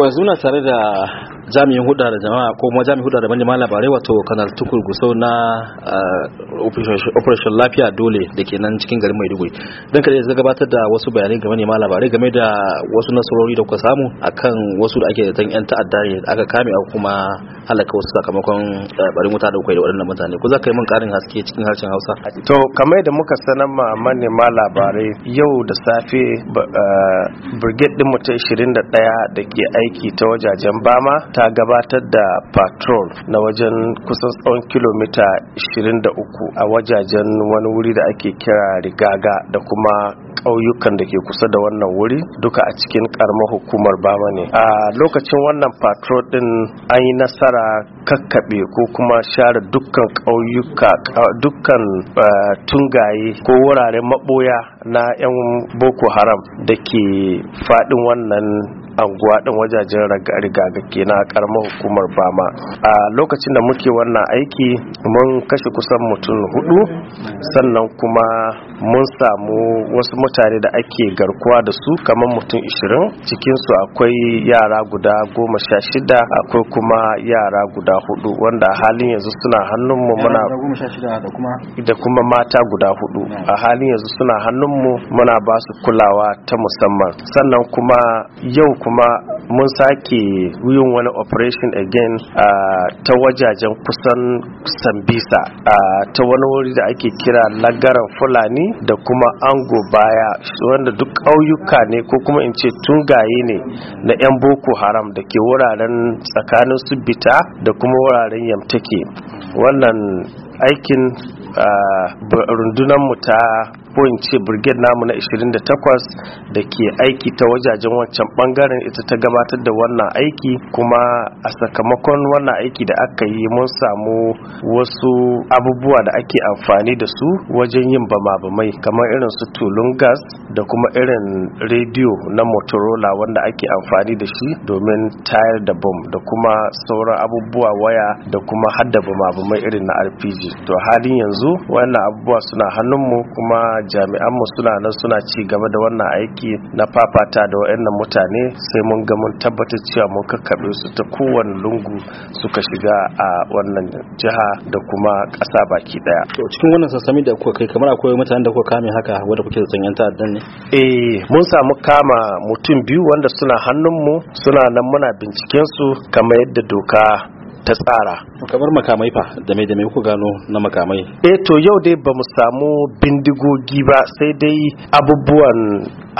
wanzu na tare da jami'in hudu da jama'a ko kuma jami'in hudu da manema labarai wato kanal tukur guso na uh, operation lafiya dole da ke nan cikin garin maiduguri don kare ya gabatar da wasu bayanai game manema labarai game da wasu nasarori da kuka samu akan wasu da ake zaton yan ta'adda ne aka kame a kuma halaka wasu sakamakon uh, barin wuta da kuka da waɗannan mutane ko za ka yi min ƙarin haske cikin harshen hausa. to kamar da muka sanar ma manema labarai yau da safe uh, brigade din mutum 21 da ke aiki ta wajajen bama ta gabatar da patrol na wajen kusan tsawon kilomita 23 a wajajen wani wuri da ake kira rigaga da kuma ƙauyukan da ke kusa da wannan wuri duka a cikin karamar hukumar bama ne a lokacin wannan patrol din an yi nasara kakkaɓe ko kuma share dukkan ƙauyuka dukkan eh, tungaye ko wuraren maɓoya na 'yan boko haram da ke faɗin wannan anguwa din wajajen rigaga na karamar hukumar bama a lokacin da muke wannan aiki mun kashe kusan mutum hudu sannan kuma mun samu wasu mutane da ake garkuwa da su kamar mutum 20 cikinsu akwai yara guda goma shida akwai kuma yara guda hudu wanda a halin yanzu suna hannunmu muna da kuma mata guda hudu a halin yanzu suna hannunmu muna ba su kulawa ta musamman sannan kuma yau kuma mun sake yin wani operation again a ta wajajen kusan sambisa a ta wani wuri da ake kira lagaran fulani da kuma ango baya wanda duk ƙauyuka ne ko kuma in ce tungaye ne na 'yan boko haram da ke wuraren tsakanin su bita da kuma wuraren yamtake wannan aikin mu ta ko ce brigade namu na 28 da ke aiki ta wajajen wancan bangaren ita ta gabatar da wannan aiki kuma a sakamakon wannan aiki da aka yi mun samu wasu abubuwa da ake amfani da su wajen yin bama-bamai kamar irin su tulun gas da kuma irin rediyo na motorola wanda ake amfani da shi domin tayar da bom da kuma sauran abubuwa waya da kuma hadda bama-bamai irin na rpg to halin yanzu wannan abubuwa suna hannunmu kuma jami'anmu suna nan suna ci gaba da wannan aiki na fafata da wayannan mutane sai mun ga mun tabbatar cewa mun kakkaɓe su ta kowane lungu suka shiga a wannan jiha da kuma ƙasa baki daya to cikin wannan sassami da kuka kai kamar akwai mutanen da kuka kame haka wanda kuke zaton ta ta'addan ne eh mun samu kama mutum biyu wanda suna hannunmu suna nan muna binciken su kamar yadda doka ta tsara kamar makamai fa da mai da mai ku gano na makamai eh to yau dai ba mu samu bindigogi ba sai dai abubuwan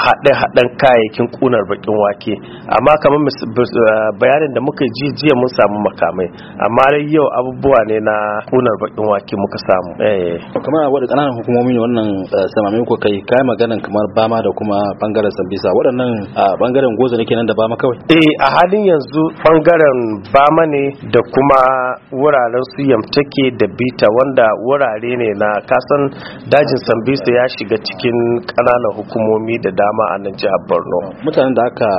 haɗe-haɗen kayayyakin ƙunar bakin wake amma kamar eh, bayanin da muka ji jiya mun samu makamai amma dai yau abubuwa ne na ƙunar bakin wake muka samu eh. kuma wadda ƙananan hukumomi ne wannan eh, samami ko kai kai maganan kamar bama da kuma bangaren sambisa waɗannan bangaren goza ne kenan da bama kawai eh a halin yanzu bangaren bama ne da kuma wuraren su yamtake da bita wanda wurare ne na kasan dajin sambisa ya shiga cikin ƙananan hukumomi da dama a nan jihar borno mutanen da aka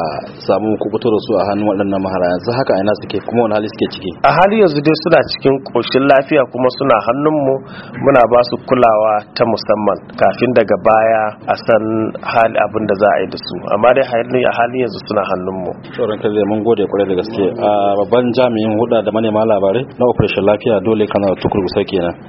samu kubuto da su a hannun waɗannan mahara yanzu haka ina suke kuma wani hali suke ciki a hali yanzu dai suna cikin ƙoshin lafiya kuma suna hannunmu muna ba su kulawa ta musamman kafin daga baya a san hali abin da za a yi da su amma dai a hali yanzu suna hannunmu tsoron kai mun gode kwarai da gaske a babban jami'in huda da manema labarai na operation lafiya dole kana tukur kenan